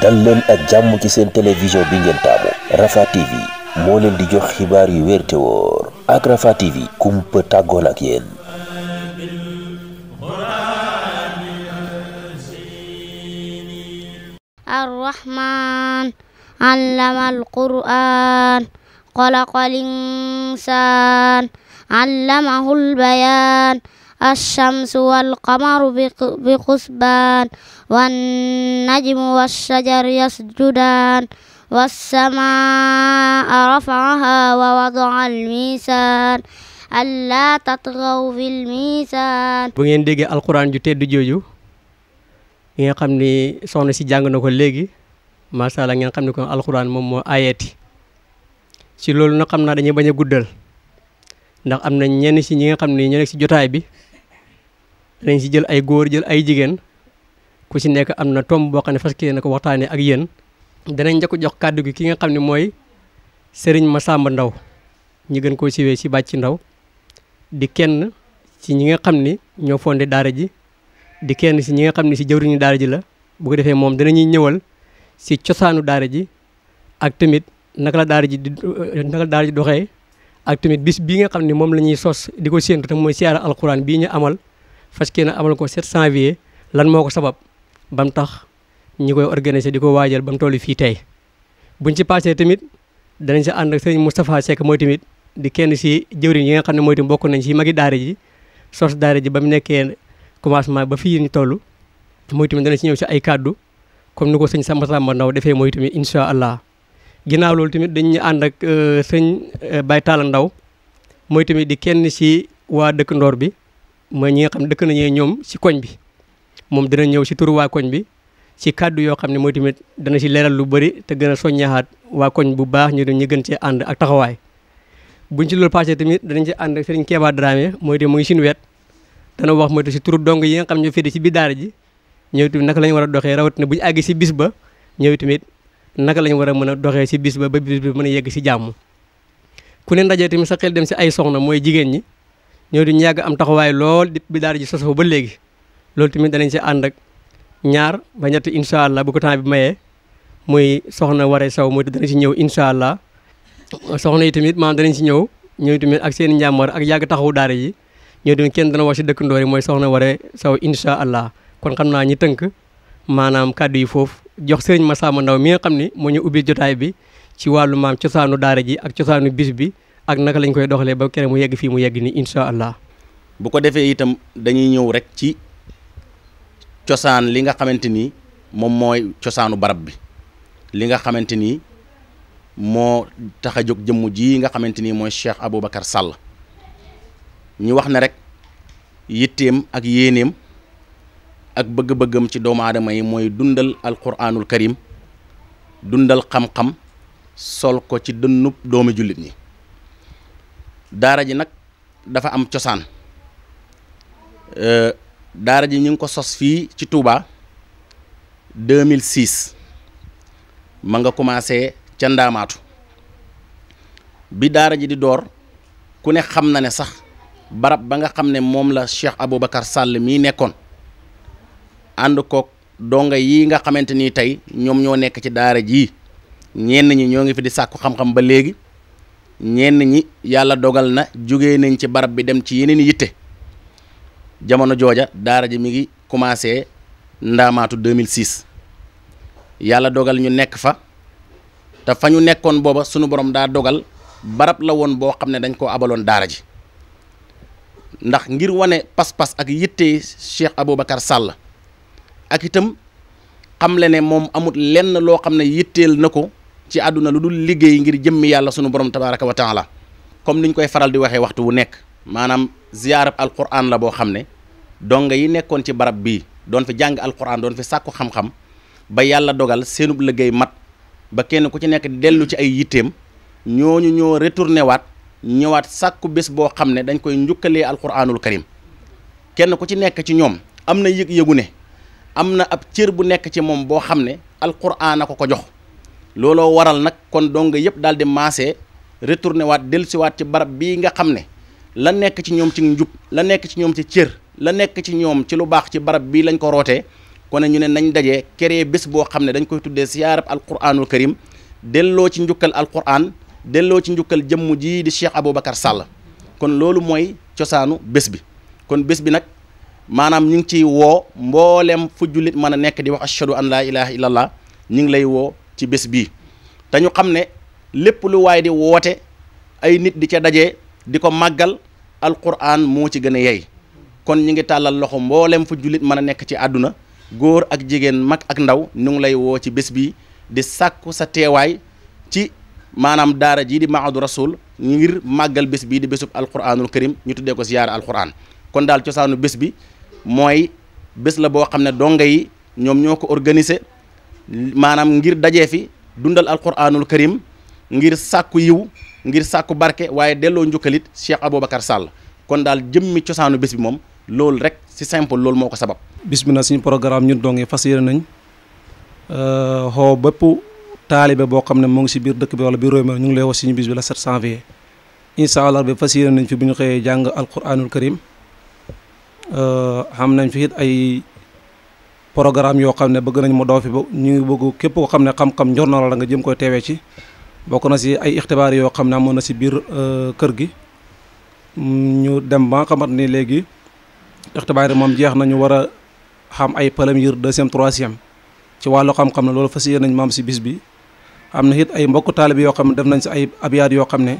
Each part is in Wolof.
dal leen ak jàmm ci seen télévision bi ngeen taamu Rafah TV moo leen di jox xibaar yu wér te wóor ak Rafah TV kumpa tàggoon ak yéen. Ar-Rahman allama al-Qur'an xalaqal insaan allamahul bayaan الشمس والقمر بحسبان والنجم والشجر يسجدان والسماء رفعها ووضع الميزان ألا تطغوا في الميزان bu ngeen déggee alxuraan ju tedd jooju yi nga xam ni soxna si jàng ko léegi macha allah ngeen xam ni kon alxuraan moom moo ayeeti ci loolu nag xam naa dañuy bañ a guddal ndax am na ñenn si ñi nga xam ni ñoo nekk si jotaay bi dañ si jël ay góor jël ay jigéen ku si nekk am na tomb boo xam ne fas yéene na ko waxtaanee ak yéen. danañ njëkk jox kàddu gi ki nga xam ne mooy ma Massamba Ndaw ñi gën koo siwee si bàcc ndaw di kenn ci ñi nga xam ni ñoo fondé daara ji di kenn si ñi nga xam ne si jëwriñu daara ji la bu ko defee moom danañuy ñëwal si cosaanu daara ji ak tamit naka la daara ji di euh, naka la daara ji doxee ak tamit bis bii nga xam ne moom la ñuy sos di ko séentu te mooy siyaara alxuraan bii ñu amal fas yéene amal ko 7 janvier lan moo ko sabab ba mu tax ñi koy organiser di ko waajal ba mu toll fii tey buñ ci passé tamit danañ si ànd ak sëñ Moustapha Seck mooy tamit di kenn si jëwriñ yi nga xam ne mooy tamit bokk nañ si magi daara ji sos ji ba mu nekkee commencement ba fii ñu toll mooy tamit danañ si ñëw si ay kàddu comme ni ko sëñ Samba Samba Ndaw defee mooy tamit incha allah. ginnaaw loolu tamit dañ dañuy ànd ak euh, sëñ euh, Baye Talla Ndaw mooy tamit di kenn si waa dëkk Ndor bi mooy ñi nga xam ne dëkk nañu ñoom si koñ bi moom dina ñëw si turu waa koñ bi si kàddu yoo xam ne mooy tamit dana ci leeral lu bëri te gën a soññaaxaat waa koñ bu baax ñu ñu gën cee ànd ak taxawaay buñ ci loolu passé tamit danañ ci ànd ak Serigne Kéba mooy tamit mu ngi suñu dana wax mooy si turu dong yi nga xam ne ñoo féete si biir daara ji ñëw tamit naka lañ war a doxee rawatina buñu àggi si bis ba ñëw tamit naka lañu war a mën a doxee si bis ba ba bis bi mën a yegg si jàmm ku ne ndaje tamit sa xel dem si ay soxna mooy jigéen ñi ñoo di ñu yàgg am taxawaay lool di bi daara ji sosoo ba léegi loolu tamit danañ si ànd ak ñaar ba ñetti incha allah bu ko temps bi mayee muy soxna Waré saw mooy danañ si ñëw incha allah soxna yi tamit maanaam danañ si ñëw ñooy tamit ak seen njàmbaar ak yàgg taxawu daare ji ñoo tamit kenn dana wax si dëkk ndoori mooy soxna Waré saw incha allah kon xam naa ñi tënk maanaam kàddu yi foofu jox sëriñ Massamba Ndaw mi nga xam ni moo ñu ubbi jotaay bi ci wàllu maam cosaanu daara ji ak cosaanu bis bi ak naka lañu koy doxalee ba kere mu yegg fii mu yegg ni incha allah. bu ko defee itam dañuy ñëw rek ci cosaan li nga xamante ni moom mooy cosaanu barab bi li nga xamante ni moo tax jëmm ji nga xamante ni mooy abu Aboubacar Sall ñu wax na rek yitteem ak yéeneem. ak bëgg-bëggam ci doomu aadama yi mooy dundal alquranul karim dundal xam-xam sol ko ci dënnub doomi jullit ñi daara ji nag dafa am cosaan euh, daara ji ñu ngi ko sos fii ci Touba 2006 ma nga commencé ca Ndaamaatu bi daara ji di door ku ne xam na ne sax barab ba nga xam ne moom la Cheikh Aboubacar sàll mii nekkoon ànd koog donga yi nga xamante ni tey ñoom ñoo nekk ci daara jii ñenn ñi ñoo ngi fi di sàkku xam-xam ba léegi. ñenn ñi yàlla dogal na jóge nañ ci barab bi dem ci yeneen yitte jamono jooja daara ji mi ngi commencé ndaamaatu 2006 yàlla dogal ñu nekk fa te fa ñu nekkoon booba sunu borom daa dogal barab la woon boo xam ne dañ koo abaloon daara ji ndax ngir wane pas-pas ak yitte Cheikh Aboubacar Sall ak itam xam le ne moom amut lenn loo xam ne yitteel na ko. ci àdduna lu dul liggéey ngir jëmmi yàlla sunu borom tabaraka wa taala comme ñu koy faral di waxee waxtu wu nekk maanaam ziyaarab alquran la boo xam ne donga yi nekkoon ci barab bii doon fi jàng alquran doon fi sàkku xam-xam ba yàlla dogal seenub liggéey mat ba kenn ku ci nekk dellu ci ay yitteem ñooñu ñoo retourné waat ñëwaat sàkku bés boo xam ne dañ koy njukkalee alquranul karim kenn ku ci nekk ci ñoom am na yëg-yëgu ne am na ab cër bu nekk ci moom boo xam ne alquran a ko ko jox looloo waral nag kon donga yëpp daal di maase retourné waat dellusiwaat ci barab bii nga xam ne la nekk ci ñoom ci njub la nekk ci ñoom ci cër la nekk ci ñoom ci lu baax ci barab bii lañ ko rootee kon ñu ne nañ dajee créer bés boo xam ne dañ koy tuddee siyaarab alquranul karim delloo ci njukkal alquran delloo ci njukkal jëmm jii di Cheikh Aboubacar Sall kon loolu mooy cosaanu bés bi kon bés bi nag maanaam ñu ngi ciy woo mboolem fu jullit mën a nekk di wax ashhadu an laa ilaha ñu ngi lay woo ci bés bii te xam ne lépp lu waay di woote ay nit di ca daje di ko màggal alquran moo ci gën a yey kon ñu ngi tàllal loxo mboolem fu jullit mën a nekk ci àdduna góor ak jigéen mag ak ndaw ñu ngi lay woo ci bés bii di sàkku sa teewaay ci maanaam daara jii di Mahadu Rasul ngir màggal bés bii di bésub alquranul karim ñu tuddee ko ziyaara alquran kon daal cosaanu bés bi mooy bés la boo xam ne donga yi ñoom ñoo ko organiser maanaam ngir dajee fi dundal alquranul karim ngir sàkku yiw ngir sàkku barke waaye delloo njukkalit Cheikh Aboubacar Sall kon daal jëmmi cosaanu bés bi moom loolu rek si simple loolu moo ko sabab. bismillah suñu programme ñun dongee fas yéene nañ euh, xoo bépp taalibe boo xam ne moo ngi si biir dëkk bi wala biir réew mi ñu ngi lay wax suñu bis bi la 7 janvier. incha allah bi fas yéene nañ fi bu ñu xëyee jàng alquranul karim euh, xam nañ fi it ay. programme yoo xam ne bëgg nañ mu doo fi ba ñu ngi bëgg képp koo xam ne xam-xam njor na la nga jëm koy teewee ci bokk na si ay ixtibaar yoo xam ne amoon na si biir euh, kër gi ñu dem ba nga xamante léegi ixtibaar yi moom jeex nañu war a xam ay premier deuxième troisième ci wàllu xam ne loolu fas yéene nañ maam si bis bi am na it ay mbokk taalibe yoo xam ne def nañ si ay abiyaat yoo xam ne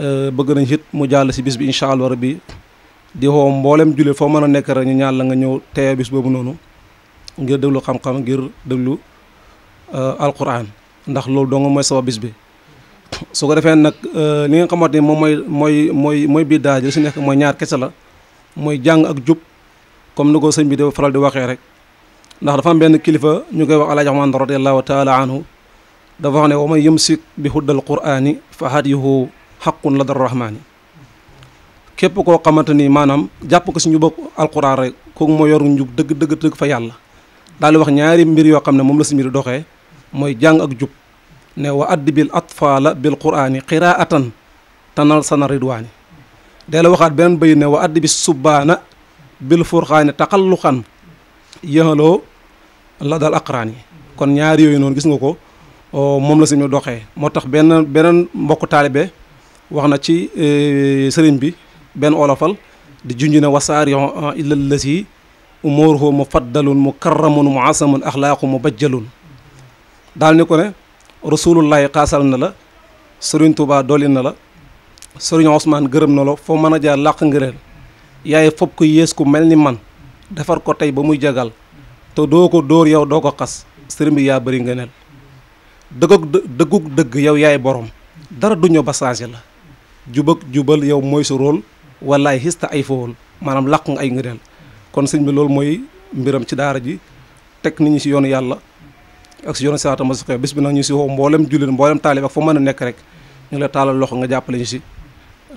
euh, bëgg nañ it mu jàll si bis bi incha allah rabbi di woo mboolem jullit foo mën a nekk rek ñu ñaan la nga ñëw teewe bis boobu noonu ngir déglu xam-xam ngir déglu euh, alquran ndax loolu dong mooy sabab bis bi su ko defee nag li euh, nga xamante ni moom mooy mooy mooy mooy biddaa ji li si nekk mooy ñaar kese la mooy jàng ak jub comme ni ko sëñ bi di faral di waxee rek ndax dafa benn kilifa ñu koy wax alaaji Axmaan radiallahu taala anhu dafa wax ne wa man yumsik bi huddal quraani fa hadyuhu xaqun la dar rahmaani képp koo xamante ni maanaam jàpp ko si ñu bokk alquran rek kooku moo yoru njub dëgg dëgg dëgg fa yàlla daal wax ñaari mbir yoo xam ne moom la suñu mbir doxee mooy jàng ak jub ne wa addibil atfaala bil quraani qiraatan tanal sana ridwaani deel waxaat beneen bay ne wa addibi subbaana bil furqaani taqalluxan yëngaloo la dal aqraan yi kon ñaari yooyu noonu gis nga ko oh, moom la suñu doxee moo tax benn beneen mbokk taalibe wax na ci eh, sëriñ bi benn olofal di junj ne wasaarion ilal lasi umuruhu mufaddalun mukarramun muasamun axlaaqu mubajjalun daal ni ko ne rasulullahi xasal na la sëriñ tubaa dolli na la sëriñ Ousmane gërëm nolo foo mën a jaar làq ngëréel yaay fopp ko yées ku mel ni man defar ko tey ba muy jagal te doo ko dóor yow doo ko xas sëriñ yaa bëri ngëneel dëggug dëggug dëgg yow yaay borom dara duñu ba changé la jubag jubal yow mooy su róol wallaay xista ay fowol maanaam làq nga ay ngëréel kon sëñ bi loolu mooy mbiram ci daara ji teg nit ñi si yoonu yàlla ak si yoonu siraatal mustaqiim bis bi nag ñu si woo mboolem jullit mboolem taalib ak fa mën a nekk rek ñu la taalal loxo nga jàppale ñu si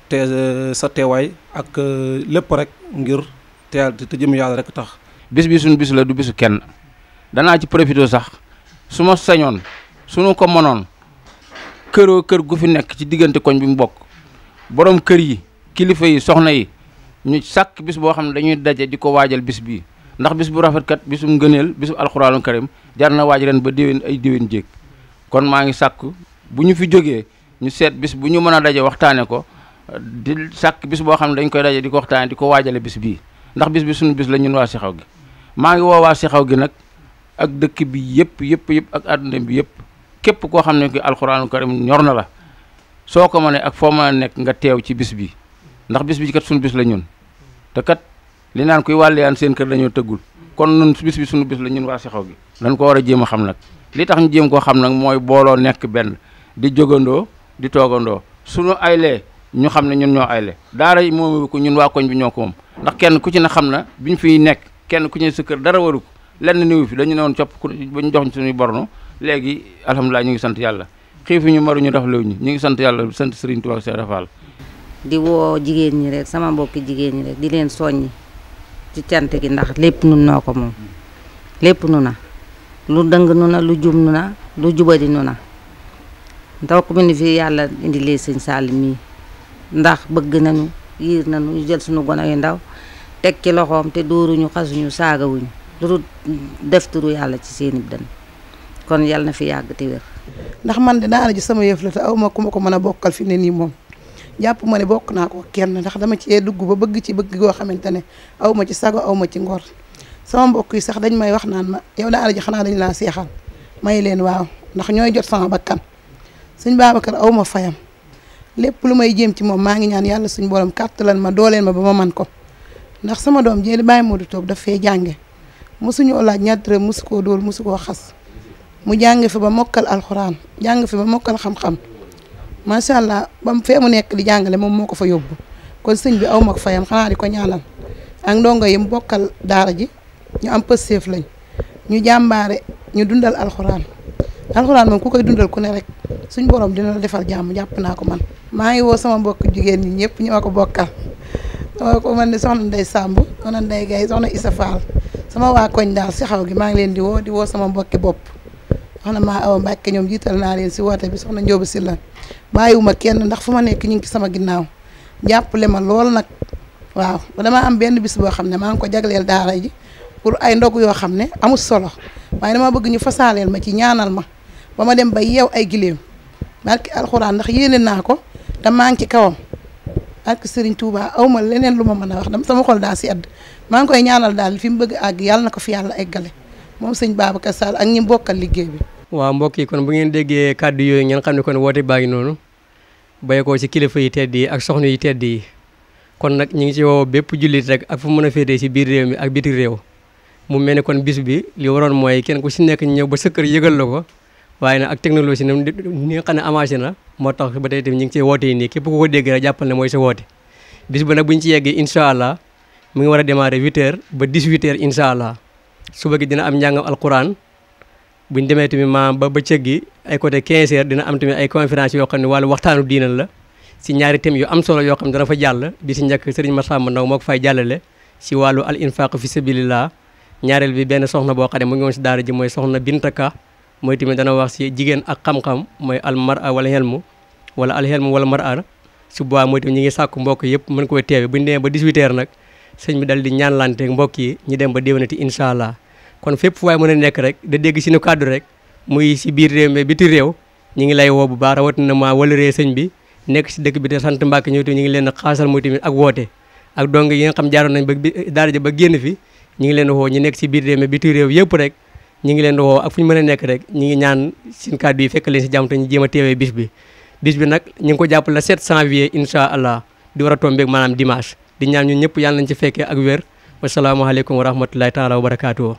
te euh, sa teewaay ak euh, lépp rek ngir teel te jëm yàlla rek tax. bis bi suñu bis la du bisu kenn danaa ci profité sax su ma sañoon suñu ko mënoon këroo kër gu fi nekk ci diggante koñ bi mu bokk boroom kër yi kilifa yi soxna yi. ñu sàkk bis boo xam ne dañuy daje di ko waajal bis bii ndax bis bu rafetkat bisum ngëneel bisum alxuraanu karim jar na waaj ren ba déwén ay déwén jéeg kon maa ngi sàkk bu ñu fi jógee ñu seet bis bu ñu mën a daje waxtaane ko di sàkk bis boo xam ne dañ koy daje di ko waxtaane di ko waajale bis bii ndax bis bi suñu bis la ñun waa Sixaw gi maa ngi woo waa Sixaw gi nag ak dëkk bi yëpp yëpp yëpp ak àdduna bi yëpp képp koo xam ne ko alxuraanu karim ñor na la soo ko mënee ak foo nekk nga teew ci bis bi ndax bis bi kat suñu bis la ñun te kat li naan kuy wàlleyaan seen kër dañoo tëggul kon nun bis bi suñu bis la ñun waa Sixaw gi dañ ko war a jéem a xam nag li tax ñu jéem koo xam nag mooy booloo nekk benn di jógandoo di toogandoo sunu aylee ñu xam ne ñun ñoo ayle daara yi moomu ko ñun waa koñ bi ñoo ko moom ndax kenn ku ci ne xam na bi ñu fiy nekk kenn ku ci ne sa kër dara waru ko lenn niwu fi dañu ne woon copp ku ba ñu jox sunuy suñuy borno léegi alhamdulilah ñu ngi sant yàlla xiifuñu maruñu def ñu ñu ngi sant yàlla sant Serigne Touba Cheikh di woo jigéen ñi rek sama mbokki jigéen ñi rek di leen soññi ci cant gi ndax lépp nun noo ko moom lépp nu na lu dëng nu na lu jub nu na lu jubadi nu na ndokk mi ni fi yàlla indi lee sëñ Sall ndax bëgg nañu yiir nañu ñu jël suñu gone yu ndaw teg ci loxoom te dóoruñu xasuñu saagawuñu lu def turu yàlla ci seeni dën kon yàlla na fi yàgg te ndax man de daara ji sama yëf la te awma ku ma ko mën a bokkal fi ne nii moom jàpp ma ne bokk naa ko kenn ndax dama ci dugg ba bëgg ci bëgg goo xamante ne aw ma ci sago aw ma ci ngor sama mbokk yi sax dañ may wax naan ma yow daara ji xanaa dañ laa seexal may leen waaw ndax ñooy jot sama bakkan suñ Babacar aw ma fayam lépp lu may jéem ci moom maa ngi ñaan yàlla suñ borom kàttalan ma dooleen ma ba ma man ko ndax sama doom jéeli bàyyi Modou Top daf fee jànge mosuñoo laaj ñaar dërëm mosu koo dóor mosu koo xas mu jànge fi ba mokkal alxuraan jàng fi ba mokkal xam macha allah bam fee mu nekk di jàngale moom moo ko fa yóbbu kon sëñ bi aw fayam xanaa di ko ñaanal ak ndongo yi mu bokkal daara ji ñu am pësteef lañ ñu jàmbaare ñu dundal alxuraan alxuraan moom ku koy dundal ku ne rek suñ borom dina la defal jàmm jàpp naa ko man. maa ngi woo sama mbokk jigéen ñi ñëpp ñu ma ko bokkal dama ko ne soxna Ndeye Samb soxna Ndeye Gaye soxna Issa Fall sama waa koñ daal si xaw gi maa ngi leen di woo di woo sama mbokki bopp. wax na maa Awa Mbacke ñoom jiital naa leen si woote bi soxna Ndiob Sylla bàyyiwuma kenn ndax fu ma nekk ñu ngi ci sama ginnaaw jàppale ma lool nag waaw dama am benn bis boo xam ne maa ngi ko jagleel daal daara ji pour ay ndog yoo xam ne amul solo waaye dama bëgg ñu fasaaleel ma ci ñaanal ma ba ma dem ba yeew ay gileem barki alxuraan ndax yéene naa ko te maa ngi ci kawam barki Serigne Touba aw ma leneen lu ma mën a wax dama sama xol daa sedd maa ngi koy ñaanal daal fi mu bëgg àgg yàlla na ko fi yàlla eggale. moom sëñ Babacar saal ak ñi bokkal liggéey bi. waaw mbokk yi kon bu ngeen déggee kàddu yooyu ngeen xam ne kon woote baa noonu béy ko ci kilifa yi tedd yi ak soxna yi tedd di kon nag ñu ngi ci woo bépp jullit rek ak fu mën a féetee ci biir réew mi ak biti réew mu mel ni kon bis bi li waroon mooy kenn ku ci nekk ñëw ba sa kër yëgal la ko waaye nag ak technologie nam ni nga xam ne avancé na moo tax ba tey tamit ñu ngi ci woote yi nii képp ku ko dégg rek jàppal ne mooy sa woote bis bi nag bu ñu ci yegg incha allah mu ngi war a démarrer 8 heures ba 18 heures incha allah suba gi dina am njàngam alquran buñ demee tamit ma ba ba cëg gi ay côté 15 heures dina am tamit ay conférence yoo xam ne wàllu waxtaanu diinal la si ñaari thèmes yu am solo yoo xam ne dana fa jàll bi si njëkk sëriñ sàmm Ndaw moo ko fay jàllale si wàllu al infaq fi sabilillah ñaareel bi benn soxna boo xam ne mu ngi woon si daara ji mooy soxna Bintaka mooy tamit dana wax si jigéen ak xam-xam mooy al mar'a wala helmu wala al helmu wala mar'a su boobaa mooy tamit ngi sàkku mbokk yëpp mën koy teewe buñu demee ba 18 heures nag sëñ bi dal di ñaan ñaanlanteeg mbokk yi ñu dem ba déwénati incha allah kon fépp fu waay mën a nekk rek da dégg si nu kàddu rek muy si biir réew mi biti réew ñu ngi lay woo bu baax rawatina maa wala ree sëñ bi nekk si dëkk bi te sant Mbàkke ñëw ñu ngi leen xaasal mooy tamit ak woote ak dong yi nga xam jaaroon nañ ba daara ja ba génn fi ñu ngi leen woo ñu nekk si biir réew bi ti réew yëpp rek ñu ngi leen woo ak fu ñu mën a nekk rek ñu ngi ñaan seen kàddu yi fekk leen si jàmm te ñu a teewee bis bi bis bi nag ñu ngi ko jàpp la 7 janvier incha allah di war a tombeeg maanaam dimanche di ñaan ñun ñëpp yàlla nañ ci fekkee ak wér wasalaamaaleykum wa rahmatulahi taala wa barakaatu.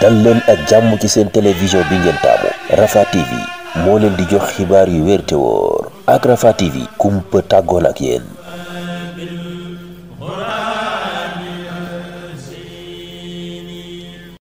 dal leen ak jàmm ci seen télévision bi ngeen taamu Rafah TV moo leen di jox xibaar yu wér te wóor ak Rafah TV kumpa tàggoon ak yéen.